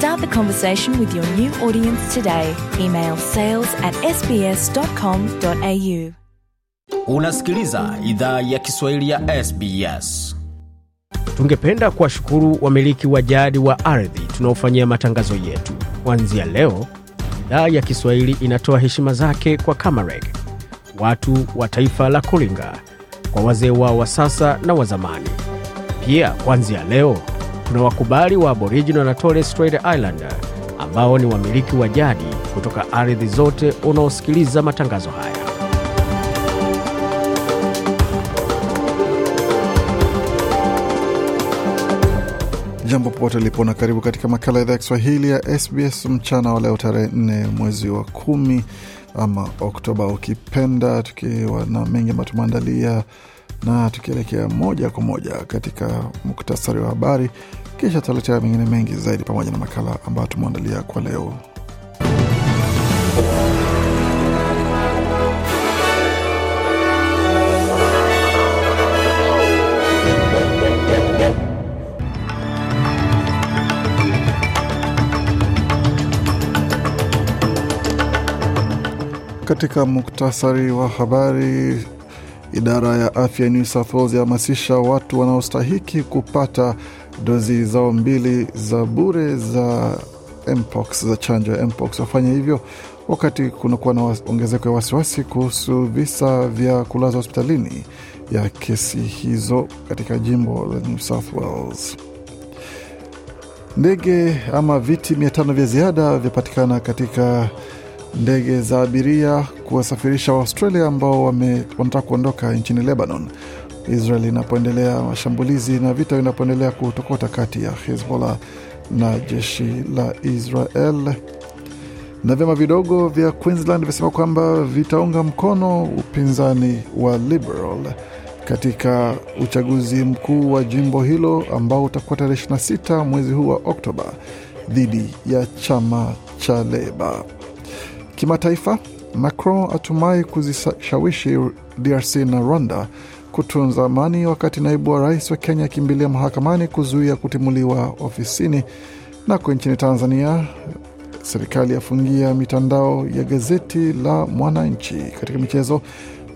Start the conversation with your new audience today. Email sales at sbs.com.au. Unasikiliza idhaa ya Kiswahili ya SBS. Tungependa kuwashukuru wamiliki wa jadi wa ardhi tunaofanyia matangazo yetu. Kuanzia leo, idhaa ya Kiswahili inatoa heshima zake kwa Kamareg, watu wa taifa la Kulinga, kwa wazee wao wa sasa na wa zamani. Pia kuanzia leo kuna wakubali wa Aboriginal na Torres Strait Islander ambao ni wamiliki wa jadi kutoka ardhi zote unaosikiliza matangazo haya. Jambo popote ulipo na karibu katika makala ya idhaa ya Kiswahili ya SBS mchana wa leo tarehe 4 mwezi wa kumi ama Oktoba ukipenda, tukiwa na mengi ambayo tumeandalia na tukielekea moja kwa moja katika muktasari wa habari, kisha tutaletea mengine mengi zaidi pamoja na makala ambayo tumeandalia kwa leo. Katika muktasari wa habari, Idara ya afya New South Wales yahamasisha watu wanaostahiki kupata dozi zao mbili za bure za mpox, za chanjo ya mpox wafanya hivyo wakati kunakuwa na ongezeko ya wasiwasi kuhusu visa vya kulaza hospitalini ya kesi hizo katika jimbo la New South Wales. Ndege ama viti mia tano vya ziada vyapatikana katika ndege za abiria kuwasafirisha Waaustralia ambao wanataka kuondoka nchini Lebanon, Israel inapoendelea mashambulizi na vita vinapoendelea kutokota kati ya Hezbollah na jeshi la Israel. Na vyama vidogo vya Queensland vimesema kwamba vitaunga mkono upinzani wa Liberal katika uchaguzi mkuu wa jimbo hilo ambao utakuwa tarehe 26 mwezi huu wa Oktoba dhidi ya chama cha Leba. Kimataifa, Macron atumai kuzishawishi DRC na Rwanda kutunza amani, wakati naibu wa rais wa Kenya akimbilia mahakamani kuzuia kutimuliwa ofisini. Nako nchini Tanzania, serikali yafungia mitandao ya gazeti la Mwananchi. Katika michezo,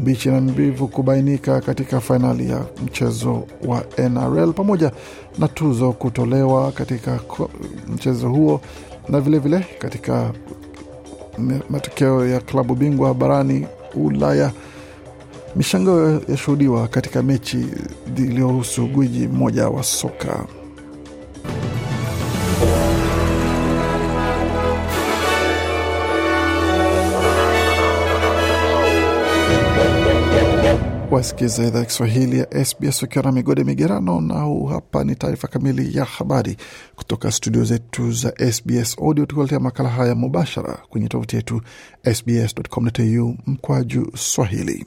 bichi na mbivu kubainika katika fainali ya mchezo wa NRL pamoja na tuzo kutolewa katika mchezo huo na vilevile vile katika matokeo ya klabu bingwa barani Ulaya. Mishangao yashuhudiwa katika mechi iliyohusu gwiji mmoja wa soka. wasikiza idhaa ya Kiswahili ya SBS ukiwa na migode migerano, na huu hapa ni taarifa kamili ya habari kutoka studio zetu za SBS Audio, tukuletea makala haya mubashara kwenye tovuti yetu sbs.com.au mkwaju swahili.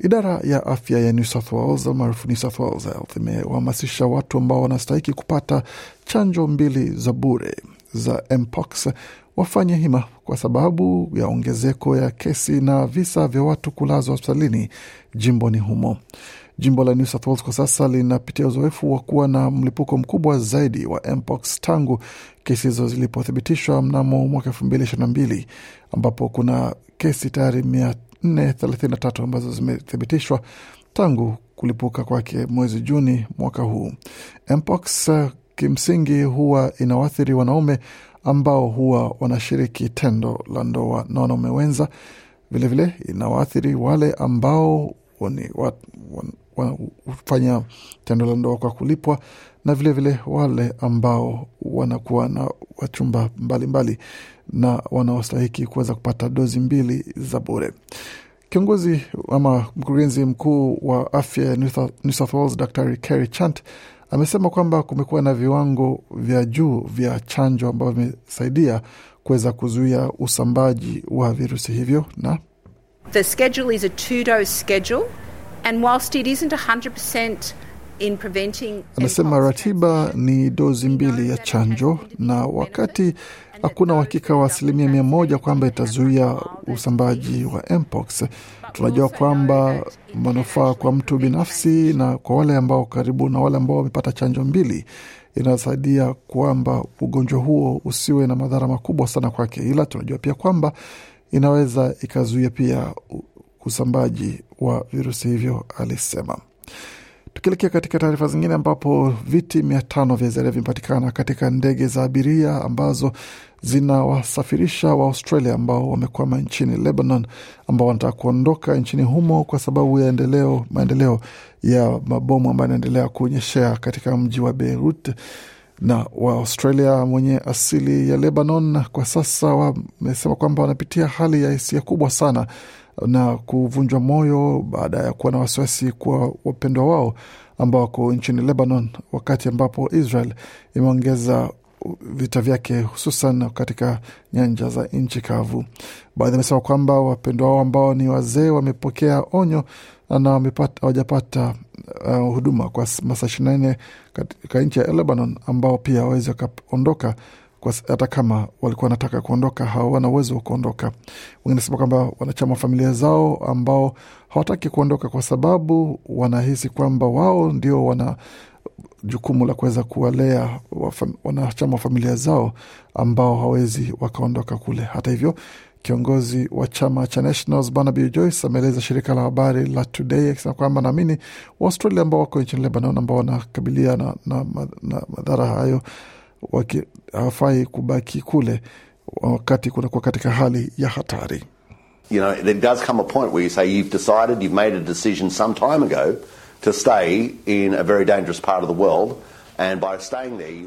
Idara ya afya ya New South Wales maarufu New South Wales Health imewahamasisha watu ambao wanastahiki kupata chanjo mbili za bure za mpox wafanye hima kwa sababu ya ongezeko ya kesi na visa vya watu kulazwa hospitalini jimboni humo. Jimbo la New South Wales kwa sasa linapitia uzoefu wa kuwa na mlipuko mkubwa zaidi wa mpox tangu kesi hizo zilipothibitishwa mnamo mwaka elfu mbili ishirini na mbili ambapo kuna kesi tayari mia nne thelathini na tatu ambazo zimethibitishwa tangu kulipuka kwake mwezi Juni mwaka huu. Mpox kimsingi huwa inawaathiri wanaume ambao huwa wanashiriki tendo la ndoa na wanaume wenza. Vilevile inawaathiri wale ambao wanafanya tendo la ndoa kwa kulipwa na vilevile vile wale ambao wanakuwa na wachumba mbalimbali na wanaostahiki kuweza kupata dozi mbili za bure. Kiongozi ama mkurugenzi mkuu wa afya ya New South Wales Daktari Kerry Chant Amesema kwamba kumekuwa na viwango vya juu vya chanjo ambavyo vimesaidia kuweza kuzuia usambaji wa virusi hivyo na The schedule is a two-dose schedule and whilst it isn't 100% Anasema ratiba ni dozi mbili ya chanjo, na wakati Hakuna uhakika wa asilimia mia moja kwamba itazuia usambaji wa mpox. Tunajua kwamba manufaa kwa mtu binafsi na kwa wale ambao karibu na wale ambao wamepata chanjo mbili inasaidia kwamba ugonjwa huo usiwe na madhara makubwa sana kwake, ila tunajua pia kwamba inaweza ikazuia pia usambaji wa virusi hivyo, alisema. Tukielekea katika taarifa zingine, ambapo viti mia tano vya ziada vimepatikana katika ndege za abiria ambazo zinawasafirisha wa Australia ambao wamekwama nchini Lebanon, ambao wanataka kuondoka nchini humo kwa sababu ya endeleo, maendeleo ya mabomu ambayo yanaendelea kuonyeshea katika mji wa Beirut na Waaustralia mwenye asili ya Lebanon kwa sasa wamesema kwamba wanapitia hali ya hisia kubwa sana na kuvunjwa moyo baada ya kuwa na wasiwasi kuwa wapendwa wao ambao wako nchini Lebanon, wakati ambapo Israel imeongeza vita vyake hususan katika nyanja za nchi kavu. Baadhi amesema kwamba wapendwa wao ambao ni wazee wamepokea onyo na hawajapata uh, huduma kwa masaa ishirini na nne katika nchi ya Lebanon, ambao pia wawezi wakaondoka hata kama walikuwa wanataka kuondoka hawana uwezo wa kuondoka. Wengine nasema kwamba wanachama wa familia zao ambao hawataki kuondoka kwa sababu wanahisi kwamba wao ndio wana jukumu la kuweza kuwalea wanachama wa familia zao ambao hawezi wakaondoka kule. Hata hivyo, kiongozi wa chama cha Nationals Barnaby Joyce ameeleza shirika la habari la Today akisema kwamba naamini Waustralia ambao wako nchini Lebanon ambao wanakabiliana na, na, na, na madhara hayo hawafai kubaki kule wakati kunakuwa katika hali ya hatari. You know, there does come a point where you say you've decided, you've made a decision some time ago to stay in a very dangerous part of the world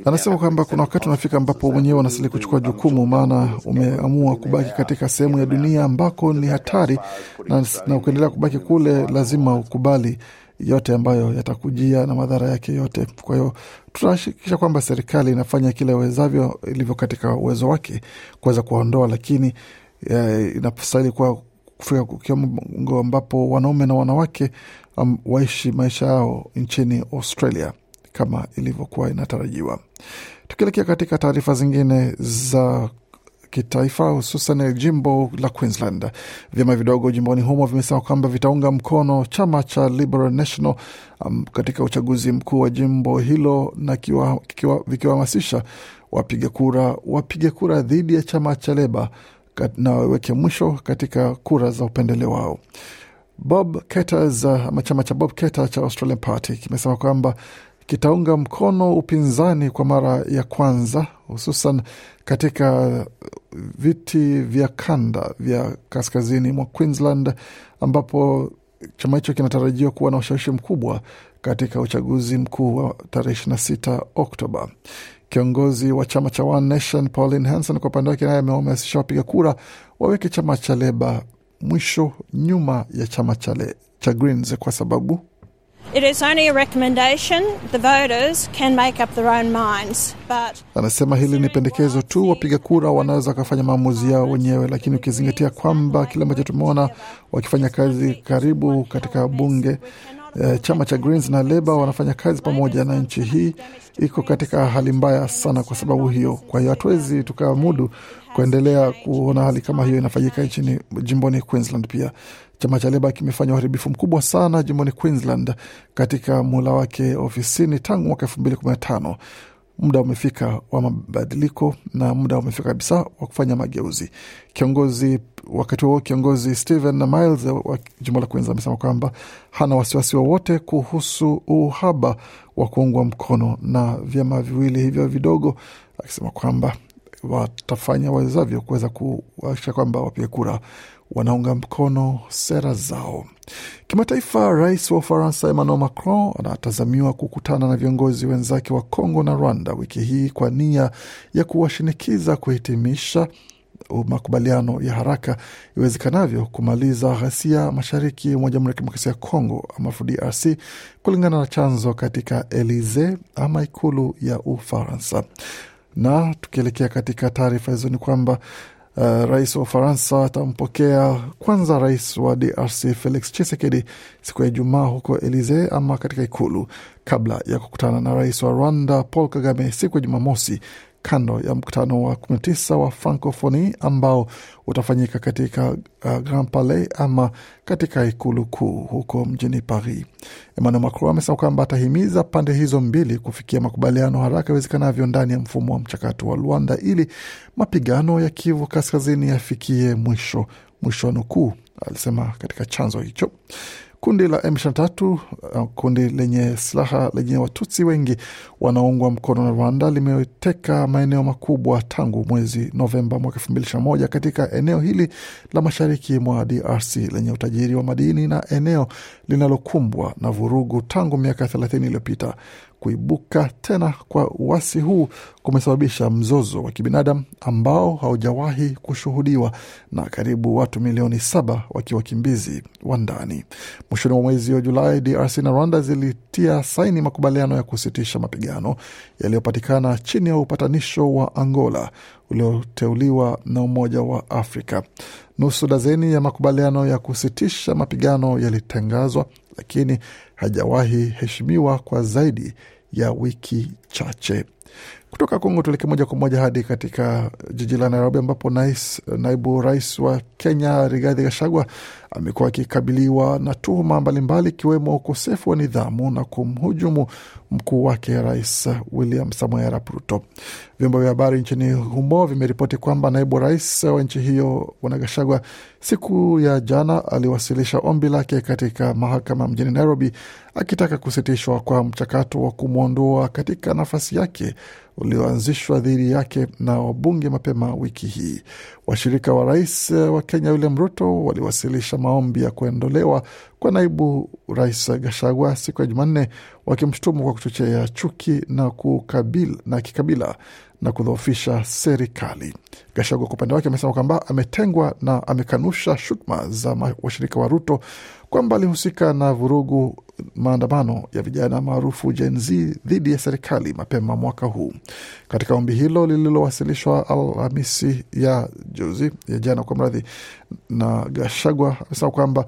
Anasema kwamba kuna wakati unafika ambapo mwenyewe unastahili kuchukua jukumu, maana umeamua kubaki katika sehemu ya dunia ambako ni hatari na, na ukiendelea kubaki kule lazima ukubali yote ambayo yatakujia na madhara yake yote. Kwa hiyo tunahakikisha kwamba serikali inafanya kile wezavyo ilivyo katika uwezo wake kuweza kuwaondoa, lakini eh, inastahili kuwa kufika kiwango ambapo wanaume na wanawake um, waishi maisha yao nchini Australia kama ilivyokuwa inatarajiwa. Tukielekea katika taarifa zingine za kitaifa hususan jimbo la Queensland. Vyama vidogo jimboni humo vimesema kwamba vitaunga mkono chama cha Liberal National um, katika uchaguzi mkuu wa jimbo hilo na vikiwahamasisha wapiga kura wapige kura dhidi ya chama cha Leba na waweke mwisho katika kura za upendeleo wao. Bob Ketters, uh, chama cha Bob Ketter cha Australian Party kimesema kwamba kitaunga mkono upinzani kwa mara ya kwanza, hususan katika viti vya kanda vya kaskazini mwa Queensland, ambapo chama hicho kinatarajiwa kuwa na ushawishi mkubwa katika uchaguzi mkuu wa tarehe 26 Oktoba. Kiongozi wa chama cha One Nation Pauline Hanson kwa upande wake naye amewahamasisha wapiga kura waweke chama cha Leba mwisho nyuma ya chama cha, le, cha Greens kwa sababu anasema hili ni pendekezo tu, wapiga kura wanaweza wakafanya maamuzi yao wenyewe, lakini ukizingatia kwamba kile ambacho tumeona wakifanya kazi karibu katika bunge Eh, chama cha Greens na Leba wanafanya kazi pamoja, na nchi hii iko katika hali mbaya sana kwa sababu hiyo. Kwa hiyo hatuwezi tukamudu kuendelea kuona hali kama hiyo inafanyika nchini jimboni Queensland. Pia chama cha Leba kimefanya uharibifu mkubwa sana jimboni Queensland katika muhula wake ofisini tangu mwaka elfu mbili kumi na tano muda umefika wa mabadiliko na muda umefika kabisa wa kufanya mageuzi. Kiongozi wakati huo kiongozi Stephen Miles wa jimbo la Queens amesema kwamba hana wasiwasi wowote wa kuhusu uhaba wa kuungwa mkono na vyama viwili hivyo vidogo, akisema kwamba watafanya wawezavyo kuweza kuakisha kwamba wapige kura wanaunga mkono sera zao. Kimataifa, rais wa Ufaransa Emmanuel Macron anatazamiwa kukutana na viongozi wenzake wa congo na Rwanda wiki hii kwa nia ya kuwashinikiza kuhitimisha makubaliano ya haraka iwezekanavyo kumaliza ghasia mashariki mwa Jamhuri ya Kidemokrasia ya Kongo ama DRC, kulingana na chanzo katika Elize ama ikulu ya Ufaransa. Na tukielekea katika taarifa hizo ni kwamba Uh, rais wa Ufaransa atampokea kwanza rais wa DRC Felix chisekedi siku ya Ijumaa huko elise ama katika ikulu kabla ya kukutana na rais wa Rwanda Paul Kagame siku ya Jumamosi kando ya mkutano wa 19 wa Francophonie ambao utafanyika katika uh, Grand Palais ama katika ikulu kuu huko mjini Paris. Emmanuel Macron amesema kwamba atahimiza pande hizo mbili kufikia makubaliano haraka iwezekanavyo ndani ya mfumo wa mchakato wa Luanda ili mapigano ya Kivu Kaskazini yafikie mwisho, mwisho wa nukuu, alisema katika chanzo hicho. Kundi la M23, uh, kundi lenye silaha lenye Watutsi wengi wanaoungwa mkono na Rwanda, limeteka maeneo makubwa tangu mwezi Novemba mwaka 2021 katika eneo hili la mashariki mwa DRC lenye utajiri wa madini na eneo linalokumbwa na vurugu tangu miaka 30 iliyopita. Kuibuka tena kwa uasi huu kumesababisha mzozo wa kibinadamu ambao haujawahi kushuhudiwa na karibu watu milioni saba wakiwa wa ndani. Mwishoni mwa mwezi wa Julai, DRC na Rwanda zilitia saini makubaliano ya kusitisha mapigano yaliyopatikana chini ya upatanisho wa Angola ulioteuliwa na Umoja wa Afrika. Nusu dazeni ya makubaliano ya kusitisha mapigano yalitangazwa lakini hajawahi heshimiwa kwa zaidi ya wiki chache. Kutoka Kongo tuelekee moja kwa moja hadi katika jiji la Nairobi, ambapo nais, naibu rais wa Kenya Rigathi Gachagua amekuwa akikabiliwa na tuhuma mbalimbali ikiwemo ukosefu wa nidhamu na kumhujumu mkuu wake Rais William Samoei Arap Ruto. Vyombo vya habari nchini humo vimeripoti kwamba naibu rais wa nchi hiyo Bwana Gachagua siku ya jana aliwasilisha ombi lake katika mahakama mjini Nairobi akitaka kusitishwa kwa mchakato wa kumwondoa katika nafasi yake ulioanzishwa dhidi yake na wabunge mapema wiki hii. Washirika wa rais wa Kenya William Ruto waliwasilisha maombi ya kuondolewa kwa naibu rais Gashagwa siku ya Jumanne, wakimshutumu kwa kuchochea chuki na kukabil, na kikabila na kudhoofisha serikali. Gashagwa kwa upande wake amesema kwamba ametengwa na amekanusha shutuma za washirika wa Ruto kwamba alihusika na vurugu maandamano ya vijana maarufu Gen Z dhidi ya serikali mapema mwaka huu. Katika ombi hilo lililowasilishwa Alhamisi ya juzi ya jana kwa mradhi, na Gashagwa amesema kwamba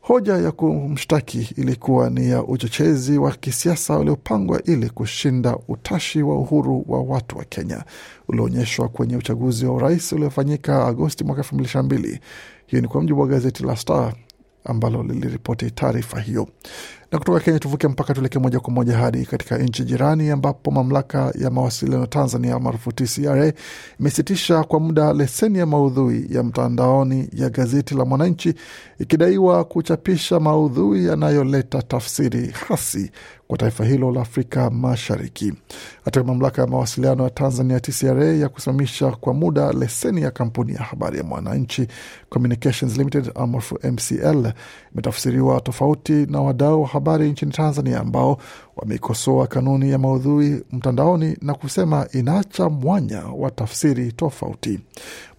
hoja ya kumshtaki ilikuwa ni ya uchochezi wa kisiasa uliopangwa ili kushinda utashi wa uhuru wa watu wa Kenya ulioonyeshwa kwenye uchaguzi wa urais uliofanyika Agosti mwaka elfu mbili ishirini na mbili. Hiyo ni kwa mujibu wa gazeti la Star ambalo liliripoti taarifa hiyo. Na kutoka Kenya tuvuke mpaka tuelekee moja kwa moja hadi katika nchi jirani ambapo mamlaka ya mawasiliano Tanzania maarufu TCRA imesitisha kwa muda leseni ya maudhui ya mtandaoni ya gazeti la Mwananchi ikidaiwa kuchapisha maudhui yanayoleta tafsiri hasi kwa taifa hilo la Afrika Mashariki. Hata mamlaka ya mawasiliano ya Tanzania TCRA ya kusimamisha kwa muda leseni ya kampuni ya habari ya Mwananchi Communications Limited MCL imetafsiriwa tofauti na wadau habari nchini Tanzania ambao wameikosoa kanuni ya maudhui mtandaoni na kusema inaacha mwanya wa tafsiri tofauti.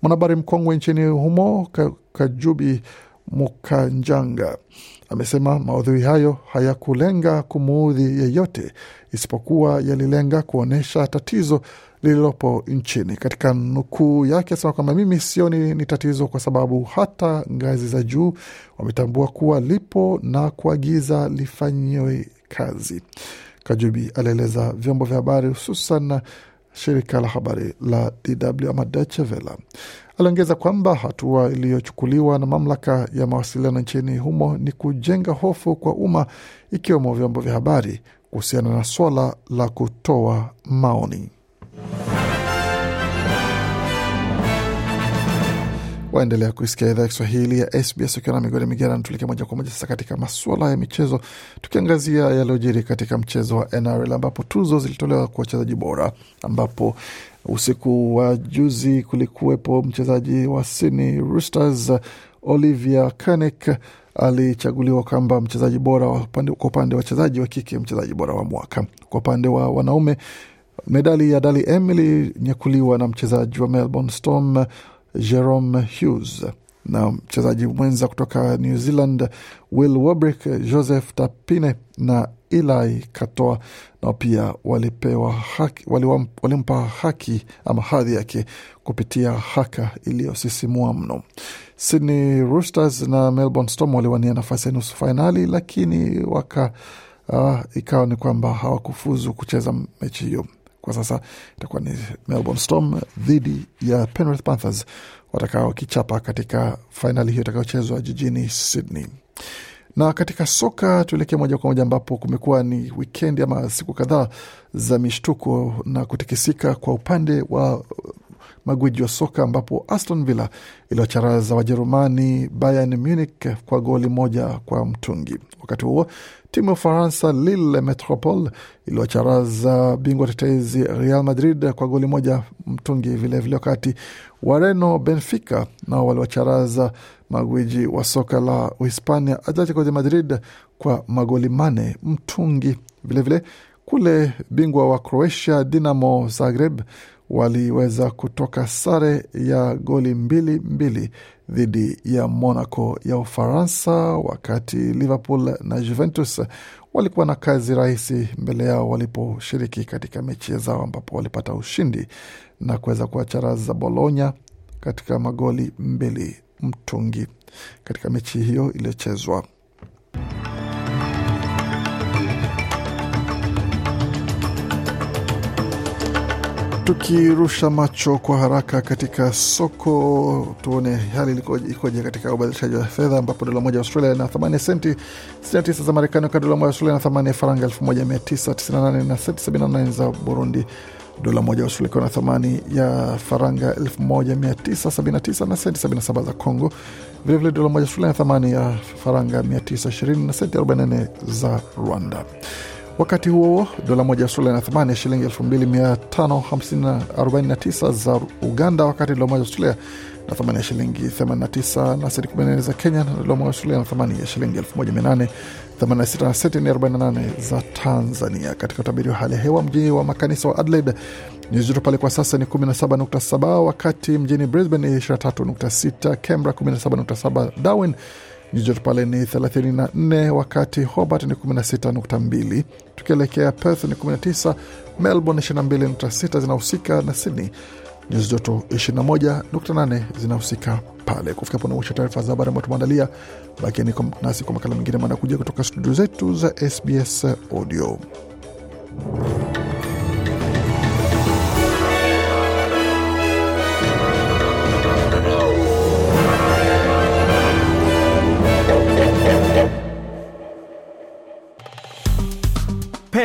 Mwanahabari mkongwe nchini humo Kajubi Mukanjanga amesema maudhui hayo hayakulenga kumuudhi yeyote, isipokuwa yalilenga kuonyesha tatizo lililopo nchini. Katika nukuu yake asema kwamba mimi sioni ni tatizo, kwa sababu hata ngazi za juu wametambua kuwa lipo na kuagiza lifanyiwe kazi. Kajubi alieleza vyombo vya habari hususan shirika la habari la DW ama Deutsche Welle. Aliongeza kwamba hatua iliyochukuliwa na mamlaka ya mawasiliano nchini humo ni kujenga hofu kwa umma, ikiwemo vyombo vya habari kuhusiana na swala la kutoa maoni. Waendelea kuisikia idhaa ya Kiswahili ya SBS ukiwa na migodi migerani. Tuelekea moja kwa moja sasa katika masuala ya michezo, tukiangazia yaliyojiri katika mchezo wa NRL ambapo tuzo zilitolewa kwa wachezaji bora, ambapo Usiku wa juzi kulikuwepo mchezaji wa Sydney Roosters Olivia Kanek alichaguliwa kwamba mchezaji bora kwa upande wa wachezaji wa kike, mchezaji bora wa mwaka. Kwa upande wa wanaume, medali ya Dali M ilinyakuliwa na mchezaji wa Melbourne Storm Jerome Hughes na mchezaji mwenza kutoka New Zealand Will Warbrick, Joseph Tapine na Eli katoa nao pia walipewa haki, walimpa haki ama hadhi yake kupitia haka iliyosisimua mno. Sydney Roosters na Melbourne Storm waliwania nafasi ya nusu fainali, lakini waka uh, ikawa ni kwamba hawakufuzu kucheza mechi hiyo. Kwa sasa itakuwa ni Melbourne Storm dhidi ya Penrith Panthers watakao katika fainali hiyo itakayochezwa jijini Sydney. Na katika soka tuelekee moja kwa moja ambapo kumekuwa ni wikendi ama siku kadhaa za mishtuko na kutikisika kwa upande wa magwiji wa soka ambapo Aston Villa iliwacharaza Wajerumani Bayern Munich kwa goli moja kwa mtungi. Wakati huo timu ya Ufaransa Lille Metropole iliwacharaza bingwa tetezi Real Madrid kwa goli moja mtungi vilevile, wakati Wareno Benfica nao waliwacharaza magwiji wa soka la Uhispania Atletico de Madrid kwa magoli mane mtungi vilevile vile, kule bingwa wa Croatia Dinamo Zagreb waliweza kutoka sare ya goli mbili mbili dhidi ya Monaco ya Ufaransa, wakati Liverpool na Juventus walikuwa na kazi rahisi mbele yao waliposhiriki katika mechi zao, ambapo walipata ushindi na kuweza kuwacharaza Bologna katika magoli mbili mtungi katika mechi hiyo iliyochezwa Tukirusha macho kwa haraka katika soko, tuone hali ikoje katika ubadilishaji wa fedha, ambapo dola moja ya Australia ina thamani ya senti 69 za Marekani, wakati dola moja ya Australia na thamani ya faranga 1998 na senti 78 za Burundi. Dola moja ya Australia ikiwa na thamani ya faranga 1979 na senti 77 za Congo. Vilevile dola moja ya Australia thamani ya faranga 920 na senti 44 za Rwanda. Wakati huo dola moja ya Australia ina thamani ya shilingi 2549 za Uganda, wakati dola moja ya Australia na thamani ya shilingi 89 na senti 14 za Kenya, na dola moja ya Australia na thamani ya shilingi 1886 na senti 48 za Tanzania. Katika utabiri wa hali ya hewa, mjini wa makanisa wa Adelaide nyuzi joto pale kwa sasa ni 17.7, wakati mjini Brisbane ni 23.6, Canberra 17.7, Darwin joto pale ni 34, wakati Hobart ni 16.2, tukielekea Perth ni 19, Melbourne 22.6 zinahusika na Sydney nyuzi joto 21.8 zinahusika pale. Kufikia pona mwisho taarifa za habari ambayo tumeandalia, bakieni nasi kwa makala mengine kuja kutoka studio zetu za SBS Audio.